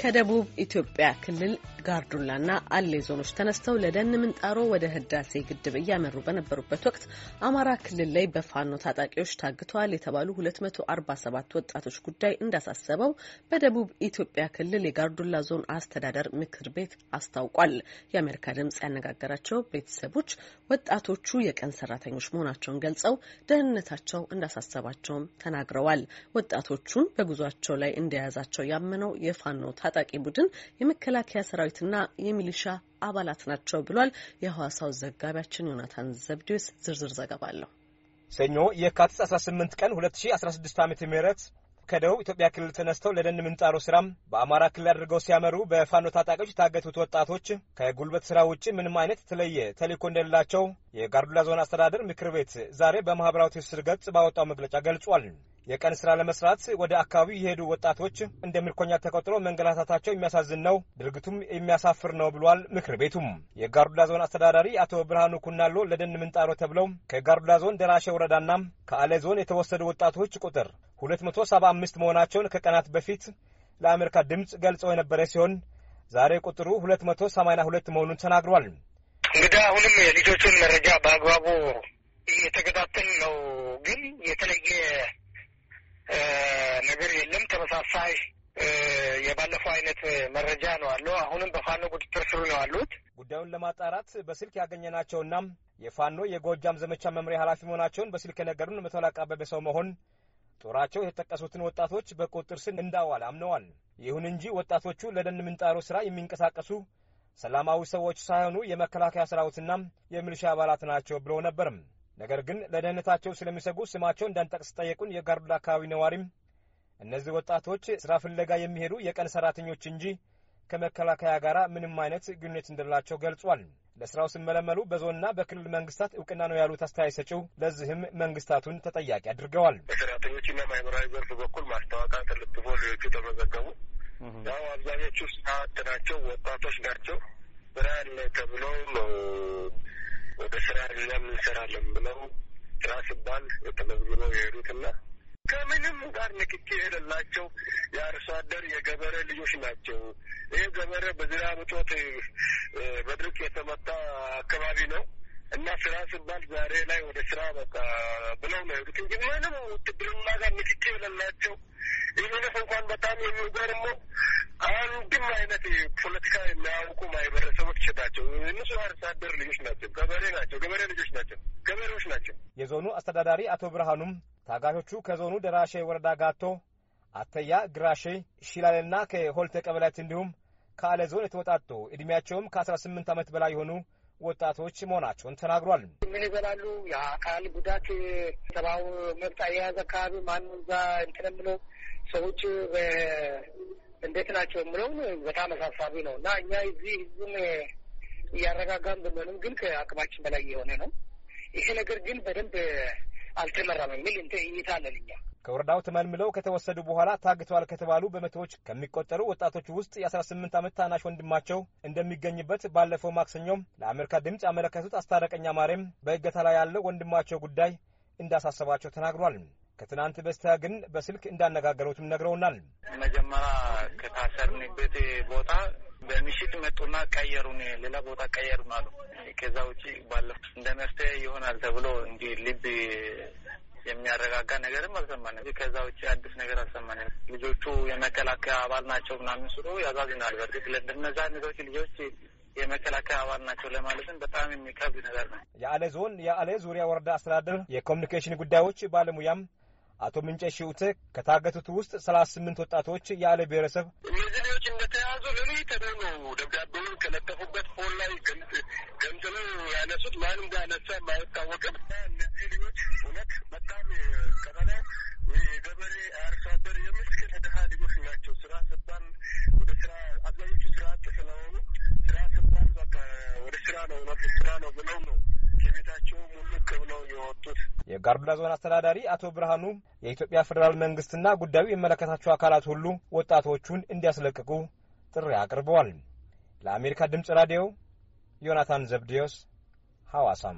ከደቡብ ኢትዮጵያ ክልል ጋርዱላና አሌ ዞኖች ተነስተው ለደን ምንጣሮ ወደ ህዳሴ ግድብ እያመሩ በነበሩበት ወቅት አማራ ክልል ላይ በፋኖ ታጣቂዎች ታግተዋል የተባሉ 247 ወጣቶች ጉዳይ እንዳሳሰበው በደቡብ ኢትዮጵያ ክልል የጋርዱላ ዞን አስተዳደር ምክር ቤት አስታውቋል። የአሜሪካ ድምጽ ያነጋገራቸው ቤተሰቦች ወጣቶቹ የቀን ሰራተኞች መሆናቸውን ገልጸው ደህንነታቸው እንዳሳሰባቸውም ተናግረዋል። ወጣቶቹን በጉዟቸው ላይ እንደያዛቸው ያመነው የፋኖ የሆነው ታጣቂ ቡድን የመከላከያ ሰራዊትና የሚሊሻ አባላት ናቸው ብሏል። የሐዋሳው ዘጋቢያችን ዮናታን ዘብዴዎስ ዝርዝር ዘገባ አለው። ሰኞ የካቲት 18 ቀን 2016 ዓ ም ከደቡብ ኢትዮጵያ ክልል ተነስተው ለደን ምንጣሮ ስራም በአማራ ክልል አድርገው ሲያመሩ በፋኖ ታጣቂዎች የታገቱት ወጣቶች ከጉልበት ስራ ውጭ ምንም አይነት የተለየ ተልዕኮ እንደሌላቸው የጋርዱላ ዞን አስተዳደር ምክር ቤት ዛሬ በማህበራዊ ትስስር ገጽ ባወጣው መግለጫ ገልጿል። የቀን ስራ ለመስራት ወደ አካባቢው የሄዱ ወጣቶች እንደ ምርኮኛ ተቆጥሮ መንገላታታቸው የሚያሳዝን ነው፣ ድርጊቱም የሚያሳፍር ነው ብሏል። ምክር ቤቱም የጋርዱላ ዞን አስተዳዳሪ አቶ ብርሃኑ ኩናሎ ለደን ምንጣሮ ተብለው ከጋርዱላ ዞን ደራሼ ወረዳና ከአለ ዞን የተወሰዱ ወጣቶች ቁጥር 275 መሆናቸውን ከቀናት በፊት ለአሜሪካ ድምፅ ገልጾ የነበረ ሲሆን ዛሬ ቁጥሩ 282 መሆኑን ተናግሯል። እንግዲህ አሁንም የልጆቹን መረጃ በአግባቡ እየተከታተል ነው ግን የተለየ ነገር የለም። ተመሳሳይ የባለፈው አይነት መረጃ ነው አለው። አሁንም በፋኖ ቁጥጥር ስሩ ነው አሉት። ጉዳዩን ለማጣራት በስልክ ያገኘናቸውና የፋኖ የጎጃም ዘመቻ መምሪያ ኃላፊ መሆናቸውን በስልክ የነገሩን መቶ አለቃ አበበ ሰው መሆን ጦራቸው የተጠቀሱትን ወጣቶች በቁጥጥር ስር እንዳዋል አምነዋል። ይሁን እንጂ ወጣቶቹ ለደን ምንጣሮ ስራ የሚንቀሳቀሱ ሰላማዊ ሰዎች ሳይሆኑ የመከላከያ ሰራዊትና የሚሊሻ አባላት ናቸው ብሎ ነበርም። ነገር ግን ለደህንነታቸው ስለሚሰጉ ስማቸው እንዳንጠቅስ ጠየቁን የጋርዱላ አካባቢ ነዋሪም እነዚህ ወጣቶች ስራ ፍለጋ የሚሄዱ የቀን ሰራተኞች እንጂ ከመከላከያ ጋር ምንም አይነት ግንኙነት እንደሌላቸው ገልጿል። ለስራው ሲመለመሉ በዞንና በክልል መንግስታት እውቅና ነው ያሉት አስተያየት ሰጪው፣ ለዚህም መንግስታቱን ተጠያቂ አድርገዋል። ሰራተኞችና ማህበራዊ ዘርፍ በኩል ማስታወቂያ ተለጥፎ ሌሎቹ ተመዘገቡ። ያው አብዛኞቹ ሰዓት ናቸው፣ ወጣቶች ናቸው። ብርሃን ተብለው ወደ ስራ እኛም እንሰራለን ብለው ስራ ሲባል ተመዝግበው የሄዱትና ከምንም ጋር ንክኪ የሌላቸው የአርሶ አደር የገበረ ልጆች ናቸው። ይህ ገበረ በዝናብ እጦት በድርቅ የተመታ አካባቢ ነው። እና ስራ ስባል ዛሬ ላይ ወደ ስራ በቃ ብለው ነው ሄዱት እንጂ ምንም ውትድርና ጋር ንክኪ የለላቸው ይህንስ እንኳን በጣም የሚገርመው አንድም አይነት ፖለቲካ የሚያውቁ ማህበረሰቦች ናቸው። ንጹህ አርሶ አደር ልጆች ናቸው። ገበሬ ናቸው። ገበሬ ልጆች ናቸው። ገበሬዎች ናቸው። የዞኑ አስተዳዳሪ አቶ ብርሃኑም ታጋቾቹ ከዞኑ ደራሼ ወረዳ ጋቶ፣ አተያ፣ ግራሼ፣ ሺላለና ከሆልተ ቀበሌያት እንዲሁም ከአለ ዞን የተወጣጡ እድሜያቸውም ከአስራ ስምንት ዓመት በላይ የሆኑ ወጣቶች መሆናቸውን ተናግሯል። ምን ይበላሉ? የአካል ጉዳት ሰብአዊ መብት አያያዝ አካባቢ ማኑ እዛ እንትን የምለው ሰዎች እንዴት ናቸው የምለውን በጣም አሳሳቢ ነው እና እኛ እዚህ ህዝቡን እያረጋጋን ብንሆንም ግን ከአቅማችን በላይ የሆነ ነው ይሄ ነገር ግን በደንብ አልተመራም የሚል እይታ አለን እኛ። ከወረዳው ተመልምለው ከተወሰዱ በኋላ ታግተዋል ከተባሉ በመቶዎች ከሚቆጠሩ ወጣቶች ውስጥ የ18 ዓመት ታናሽ ወንድማቸው እንደሚገኝበት ባለፈው ማክሰኞም ለአሜሪካ ድምፅ ያመለከቱት አስታረቀኛ ማርያም በእገታ ላይ ያለው ወንድማቸው ጉዳይ እንዳሳሰባቸው ተናግሯል። ከትናንት በስቲያ ግን በስልክ እንዳነጋገሩትም ነግረውናል። መጀመሪያ ከታሰርንበት ቦታ በምሽት መጡና ቀየሩን፣ ሌላ ቦታ ቀየሩን አሉ። ከዛ ውጭ ባለፈ እንደ መፍትሄ ይሆናል ተብሎ እንጂ ልብ የሚያረጋጋ ነገርም አልሰማንም። ከዛ ውጭ አዲስ ነገር አልሰማንም። ልጆቹ የመከላከያ አባል ናቸው ምናምን ስሉ ያዛዝናል። በእርግጥ ለእነዛ ነገሮች ልጆች የመከላከያ አባል ናቸው ለማለትም በጣም የሚከብድ ነገር ነው። የአለ ዞን የአለ ዙሪያ ወረዳ አስተዳደር የኮሚኒኬሽን ጉዳዮች ባለሙያም አቶ ምንጨ ሽውት ከታገቱት ውስጥ ሰላሳ ስምንት ወጣቶች የአለ ብሔረሰብ እነዚህ እንደተያዙ ሌሊት ነው ደብዳቤውን ከለጠፉበት ፎን ላይ ገምትሉ ያነሱት ማንም እንዳነሳ ማይታወቅም። እነዚህ ልጆች እውነት በጣም ቀበሌ የገበሬ አርሶ አደር የምስኪን ድሀ ልጆች ናቸው። ስራ ስባል ወደ ስራ አብዛኞቹ ስራ አጥ ስለሆኑ ስራ ስባል በቃ ወደ ስራ ነው እውነት ስራ ነው ብለው ነው ከቤታቸው ሙሉክ ብለው የወጡት። የጋርዱላ ዞን አስተዳዳሪ አቶ ብርሃኑ የኢትዮጵያ ፌዴራል መንግስትና ጉዳዩ የሚመለከታቸው አካላት ሁሉ ወጣቶቹን እንዲያስለቅቁ ጥሪ አቅርበዋል። ለአሜሪካ ድምጽ ራዲዮ ዮናታን ዘብዲዮስ ሐዋሳም